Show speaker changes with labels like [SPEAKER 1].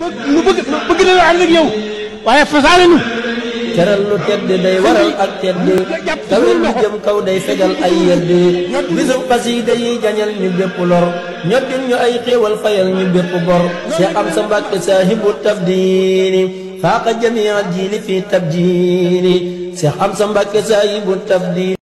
[SPEAKER 1] nu bëgg bëgg na la ànd ak yow waaye lu tedd day waral ak tedd tawet lu jëm kaw day fegal ay yedd bisu xasiida yi jañal ñu bépp lor ñoddil ñu ay xéewal fayal ñu bépp bor Seex Amsa saahibu tabdiini faaqa jamii al jiili fi tabdiini
[SPEAKER 2] Seex Amsa Mbàkke saahibu tabdiini